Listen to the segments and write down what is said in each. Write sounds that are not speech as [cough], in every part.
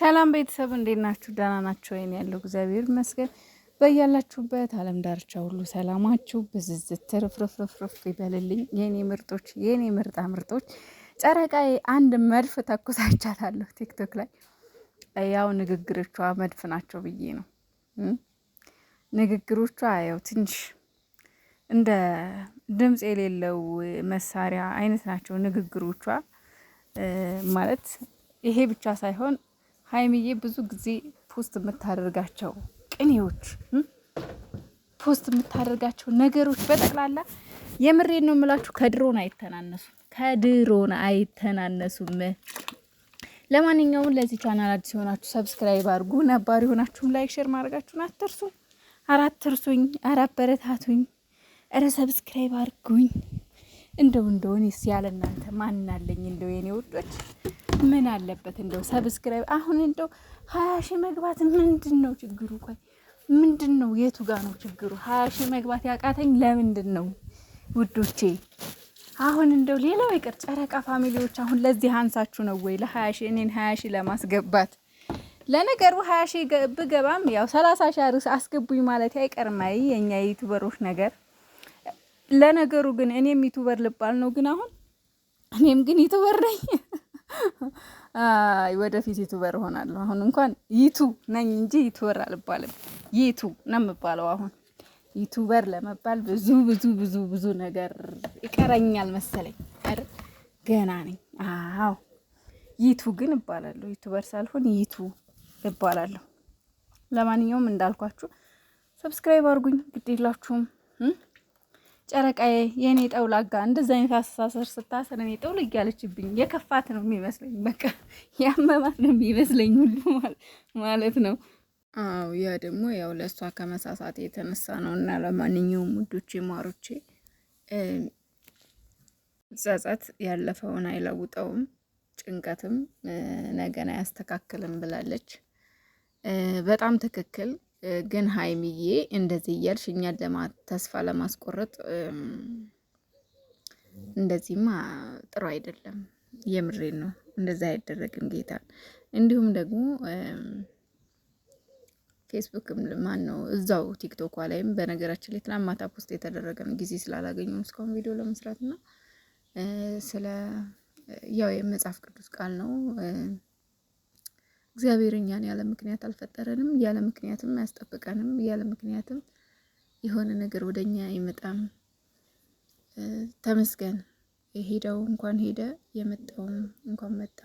ሰላም ቤተሰብ እንዴት ናችሁ? ደህና ናችሁ ወይን? ያለው እግዚአብሔር ይመስገን። በያላችሁበት አለም ዳርቻ ሁሉ ሰላማችሁ ብዝዝት ትርፍርፍርፍ ይበልልኝ። የኔ ምርጦች፣ የኔ ምርጣ ምርጦች፣ ጨረቃዬ አንድ መድፍ ተኩሳቻታለሁ ቲክቶክ ላይ። ያው ንግግሮቿ መድፍ ናቸው ብዬ ነው። ንግግሮቿ ያው ትንሽ እንደ ድምፅ የሌለው መሳሪያ አይነት ናቸው ንግግሮቿ ማለት ይሄ ብቻ ሳይሆን ሀይሚዬ ብዙ ጊዜ ፖስት የምታደርጋቸው ቅኔዎች፣ ፖስት የምታደርጋቸው ነገሮች በጠቅላላ የምሬን ነው የምላችሁ ከድሮን አይተናነሱም፣ ከድሮን አይተናነሱም። ለማንኛውም ለዚህ ቻናል አዲስ የሆናችሁ ሰብስክራይብ አድርጉ፣ ነባር የሆናችሁም ላይክ፣ ሼር ማድረጋችሁን አትርሱ። አራትርሱኝ አራበረታቱኝ እረ ሰብስክራይብ አድርጉኝ። እንደው እንደውን ያለ እናንተ ማን አለኝ እንደው የኔ ውዶች ምን አለበት እንደው ሰብስክራይብ አሁን እንደው ሀያ ሺህ መግባት ምንድን ነው ችግሩ? ቆይ ምንድን ነው የቱ ጋር ነው ችግሩ? ሀያ ሺህ መግባት ያቃተኝ ለምንድን ነው ውዶቼ? አሁን እንደው ሌላው ይቅር ጨረቃ ፋሚሊዎች አሁን ለዚህ አንሳችሁ ነው ወይ ለሀያ ሺህ እኔን ሀያ ሺህ ለማስገባት ለነገሩ ሀያ ሺህ ብገባም ያው ሰላሳ ሺህ አርስ አስገቡኝ ማለት አይቀርም። የእኛ የዩቱበሮች ነገር ለነገሩ ግን እኔም ዩቱበር ልባል ነው ግን አሁን እኔም ግን ዩቱበር ነኝ። አይ ወደፊት ዩቱበር እሆናለሁ። አሁን እንኳን ይቱ ነኝ እንጂ ዩቱበር አልባልም። ይቱ ነው የምባለው። አሁን ዩቱበር ለመባል ብዙ ብዙ ብዙ ብዙ ነገር ይቀረኛል መሰለኝ። ገና ነኝ። አዎ ይቱ ግን እባላለሁ። ዩቱበር ሳልሆን ይቱ እባላለሁ። ለማንኛውም እንዳልኳችሁ ሰብስክራይብ አድርጉኝ ግዴላችሁም። ጨረቃዬ የእኔ ጠውላጋ እንደዚ አይነት አስተሳሰር ስታሰር እኔ ጠውል እያለችብኝ የከፋት ነው የሚመስለኝ። በቃ ያመማት ነው የሚመስለኝ ሁሉ ማለት ነው። አዎ ያ ደግሞ ያው ለእሷ ከመሳሳት የተነሳ ነው። እና ለማንኛውም ውዶቼ ማሮቼ ጸጸት ያለፈውን አይለውጠውም፣ ጭንቀትም ነገን አያስተካክልም ብላለች። በጣም ትክክል ግን ሀይሚዬ እንደዚህ እያልሽ እኛን ተስፋ ለማስቆረጥ እንደዚህማ ጥሩ አይደለም። የምሬን ነው። እንደዚህ አይደረግም ጌታ። እንዲሁም ደግሞ ፌስቡክም ማን ነው እዛው ቲክቶኳ ላይም በነገራችን ላይ ትናንት ማታ ፖስት የተደረገ ነው። ጊዜ ስላላገኘም እስካሁን ቪዲዮ ለመስራት እና ስለ ያው የመጽሐፍ ቅዱስ ቃል ነው እግዚአብሔር እኛን ያለ ምክንያት አልፈጠረንም፣ ያለ ምክንያትም አያስጠብቀንም፣ ያለ ምክንያትም የሆነ ነገር ወደ እኛ አይመጣም። ተመስገን። የሄደው እንኳን ሄደ፣ የመጣውም እንኳን መጣ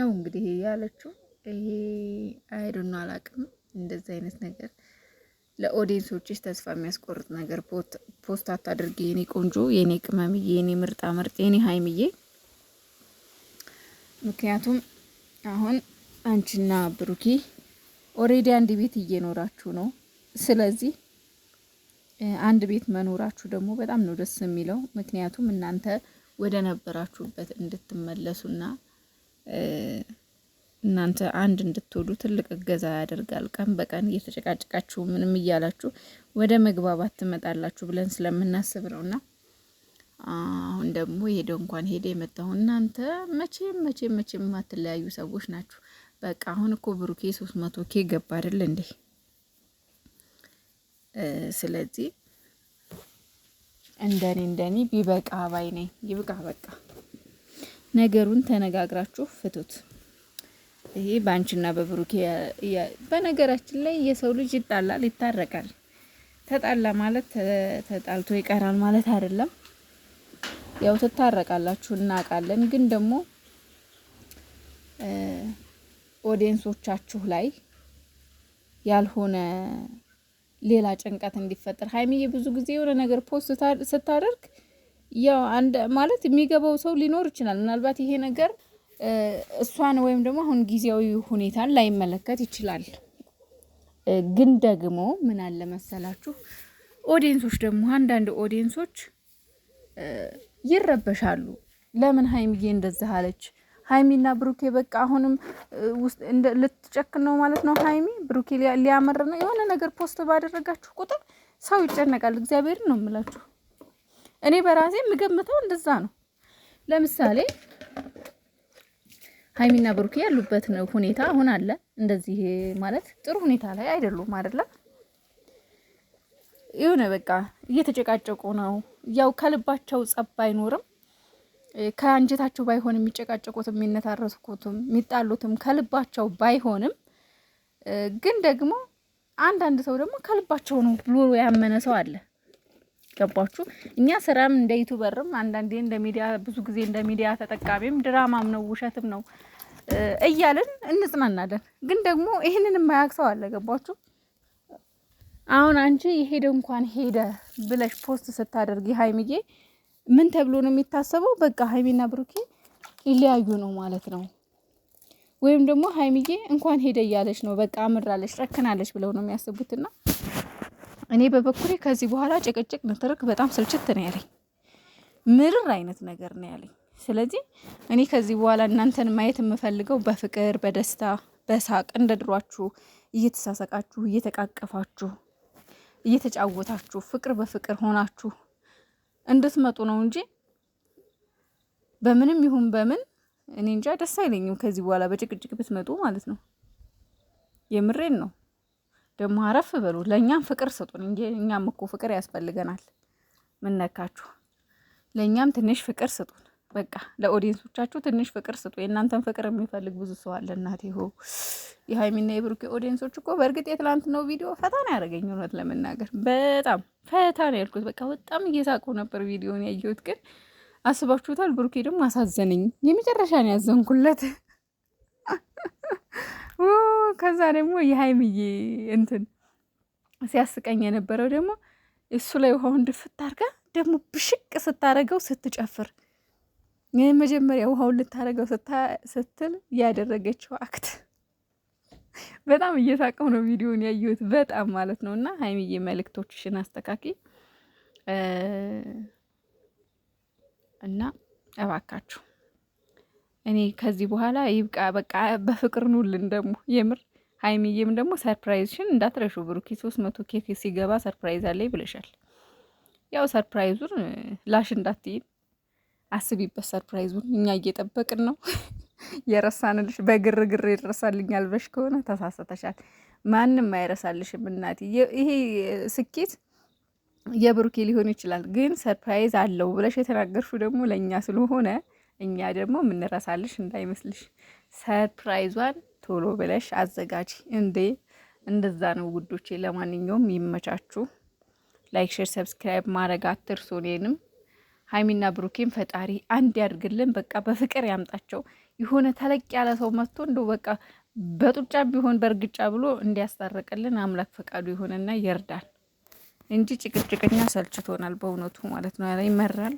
ነው እንግዲህ ያለችው። ይሄ አይዶና አላቅም እንደዚህ አይነት ነገር ለኦዲየንሶችሽ ተስፋ የሚያስቆርጥ ነገር ፖስት አታድርጊ። የኔ ቆንጆ፣ የኔ ቅመምዬ፣ የኔ ምርጣ ምርጥ፣ የኔ ሀይምዬ ምክንያቱም አሁን አንቺና ብሩኪ ኦሬዲ አንድ ቤት እየኖራችሁ ነው። ስለዚህ አንድ ቤት መኖራችሁ ደግሞ በጣም ነው ደስ የሚለው። ምክንያቱም እናንተ ወደ ነበራችሁበት እንድትመለሱና እናንተ አንድ እንድትወዱ ትልቅ እገዛ ያደርጋል። ቀን በቀን እየተጨቃጨቃችሁ ምንም እያላችሁ ወደ መግባባት ትመጣላችሁ ብለን ስለምናስብ ነውና አሁን ደግሞ ሄደው እንኳን ሄደ የመጣሁ እናንተ መቼም መቼም መቼም የማትለያዩ ሰዎች ናችሁ። በቃ አሁን እኮ ብሩኬ ሶስት መቶ ኬ ገባ አይደል እንዴ? ስለዚህ እንደኔ እንደኔ ቢበቃ ባይ ነኝ። ይብቃ በቃ ነገሩን ተነጋግራችሁ ፍቱት። ይሄ በአንቺና በብሩኬ በነገራችን ላይ የሰው ልጅ ይጣላል፣ ይታረቃል። ተጣላ ማለት ተጣልቶ ይቀራል ማለት አይደለም። ያው ትታረቃላችሁ እናውቃለን፣ ግን ደግሞ ኦዲየንሶቻችሁ ላይ ያልሆነ ሌላ ጭንቀት እንዲፈጠር። ሀይሚዬ ብዙ ጊዜ የሆነ ነገር ፖስት ስታደርግ ያው አንድ ማለት የሚገባው ሰው ሊኖር ይችላል። ምናልባት ይሄ ነገር እሷን ወይም ደግሞ አሁን ጊዜያዊ ሁኔታን ላይመለከት ይችላል። ግን ደግሞ ምን አለ መሰላችሁ ኦዲየንሶች ደግሞ አንዳንድ ኦዲየንሶች ይረበሻሉ። ለምን ሀይሚዬ እንደዛ አለች ሀይሚና ብሩኬ በቃ አሁንም ልትጨክን ነው ማለት ነው። ሀይሚ ብሩኬ ሊያመር ነው። የሆነ ነገር ፖስት ባደረጋችሁ ቁጥር ሰው ይጨነቃል። እግዚአብሔርን ነው የምላችሁ። እኔ በራሴ የምገምተው እንደዛ ነው። ለምሳሌ ሀይሚና ብሩኬ ያሉበት ሁኔታ አሁን አለ እንደዚህ ማለት ጥሩ ሁኔታ ላይ አይደሉም አይደለም የሆነ በቃ እየተጨቃጨቁ ነው። ያው ከልባቸው ጸብ አይኖርም። ከአንጀታቸው ባይሆን የሚጨቃጨቁትም የሚነታረስኩትም የሚጣሉትም ከልባቸው ባይሆንም ግን ደግሞ አንዳንድ ሰው ደግሞ ከልባቸው ነው ብሎ ያመነ ሰው አለ። ገባችሁ? እኛ ስራም እንደ ዩቱበርም አንዳንዴ እንደ ሚዲያ ብዙ ጊዜ እንደ ሚዲያ ተጠቃሚም ድራማም ነው ውሸትም ነው እያልን እንጽናናለን። ግን ደግሞ ይህንን የማያውቅ ሰው አለ። ገባችሁ? አሁን አንቺ የሄደ እንኳን ሄደ ብለሽ ፖስት ስታደርግ ሀይሚዬ ምን ተብሎ ነው የሚታሰበው? በቃ ሀይሚና ብሩኬ ይለያዩ ነው ማለት ነው። ወይም ደግሞ ሀይሚዬ እንኳን ሄደ እያለች ነው በቃ አምራለች፣ ጨክናለች ብለው ነው የሚያስቡትና እኔ በበኩሌ ከዚህ በኋላ ጭቅጭቅ ንትርክ በጣም ስልችት ነው ያለኝ፣ ምርር አይነት ነገር ነው ያለኝ። ስለዚህ እኔ ከዚህ በኋላ እናንተን ማየት የምፈልገው በፍቅር በደስታ በሳቅ እንደድሯችሁ እየተሳሰቃችሁ እየተቃቀፋችሁ እየተጫወታችሁ ፍቅር በፍቅር ሆናችሁ እንድትመጡ ነው እንጂ በምንም ይሁን በምን እኔ እንጃ ደስ አይለኝም። ከዚህ በኋላ በጭቅጭቅ ብትመጡ ማለት ነው። የምሬን ነው። ደግሞ አረፍ በሉ፣ ለእኛም ፍቅር ስጡን እንጂ እኛም እኮ ፍቅር ያስፈልገናል። ምነካችሁ፣ ለእኛም ትንሽ ፍቅር ስጡን። በቃ ለኦዲየንሶቻችሁ ትንሽ ፍቅር ስጡ። የእናንተን ፍቅር የሚፈልግ ብዙ ሰው አለ። እናቴ ሆ የሀይሚና የብሩኬ ኦዲየንሶች እኮ በእርግጥ የትላንትናው ቪዲዮ ፈታን ያደረገኝ እውነት ለመናገር በጣም ፈታን ያልኩት በቃ በጣም እየሳቁ ነበር ቪዲዮን ያየሁት። ግን አስባችሁታል? ብሩኬ ደግሞ አሳዘነኝ። የመጨረሻ ነው ያዘንኩለት። ከዛ ደግሞ የሀይምዬ እንትን ሲያስቀኝ የነበረው ደግሞ እሱ ላይ ውሃውን ድፍት አድርጋ ደግሞ ብሽቅ ስታደርገው ስትጨፍር መጀመሪያ ውሃውን ልታደርገው ስትል ያደረገችው አክት በጣም እየሳቀው ነው ቪዲዮን ያየሁት፣ በጣም ማለት ነው። እና ሀይሚዬ መልእክቶችሽን አስተካኪ እና እባካችሁ እኔ ከዚህ በኋላ ይብቃ፣ በቃ በፍቅር ኑልን። ደግሞ የምር ሀይሚዬም ደግሞ ሰርፕራይዝሽን እንዳትረሹ። ብሩኪ፣ ሶስት መቶ ኬክ ሲገባ ሰርፕራይዝ አለኝ ብለሻል። ያው ሰርፕራይዙን ላሽ እንዳትይን አስቢበት። ሰርፕራይዙን እኛ እየጠበቅን ነው። [laughs] የረሳንልሽ በግርግር ይረሳልኛል በሽ ከሆነ ተሳሰተሻል። ማንም አይረሳልሽም እናቴ። ይሄ ስኬት የብሩኬ ሊሆን ይችላል፣ ግን ሰርፕራይዝ አለው ብለሽ የተናገርሽው ደግሞ ለእኛ ስለሆነ እኛ ደግሞ የምንረሳልሽ እንዳይመስልሽ። ሰርፕራይዟን ቶሎ ብለሽ አዘጋጂ እንዴ። እንደዛ ነው ውዶቼ። ለማንኛውም ይመቻችሁ። ላይክ፣ ሼር፣ ሰብስክራይብ ማድረግ አትርሱ። እኔንም ሀይሚና ብሩኬን ፈጣሪ አንድ ያድርግልን። በቃ በፍቅር ያምጣቸው። የሆነ ተለቅ ያለ ሰው መጥቶ እንደ በቃ በጡጫ ቢሆን በእርግጫ ብሎ እንዲያስታርቅልን አምላክ ፈቃዱ ይሆንና ይርዳል እንጂ ጭቅጭቅኛ ሰልችቶናል በእውነቱ ማለት ነው። ያለ ይመራል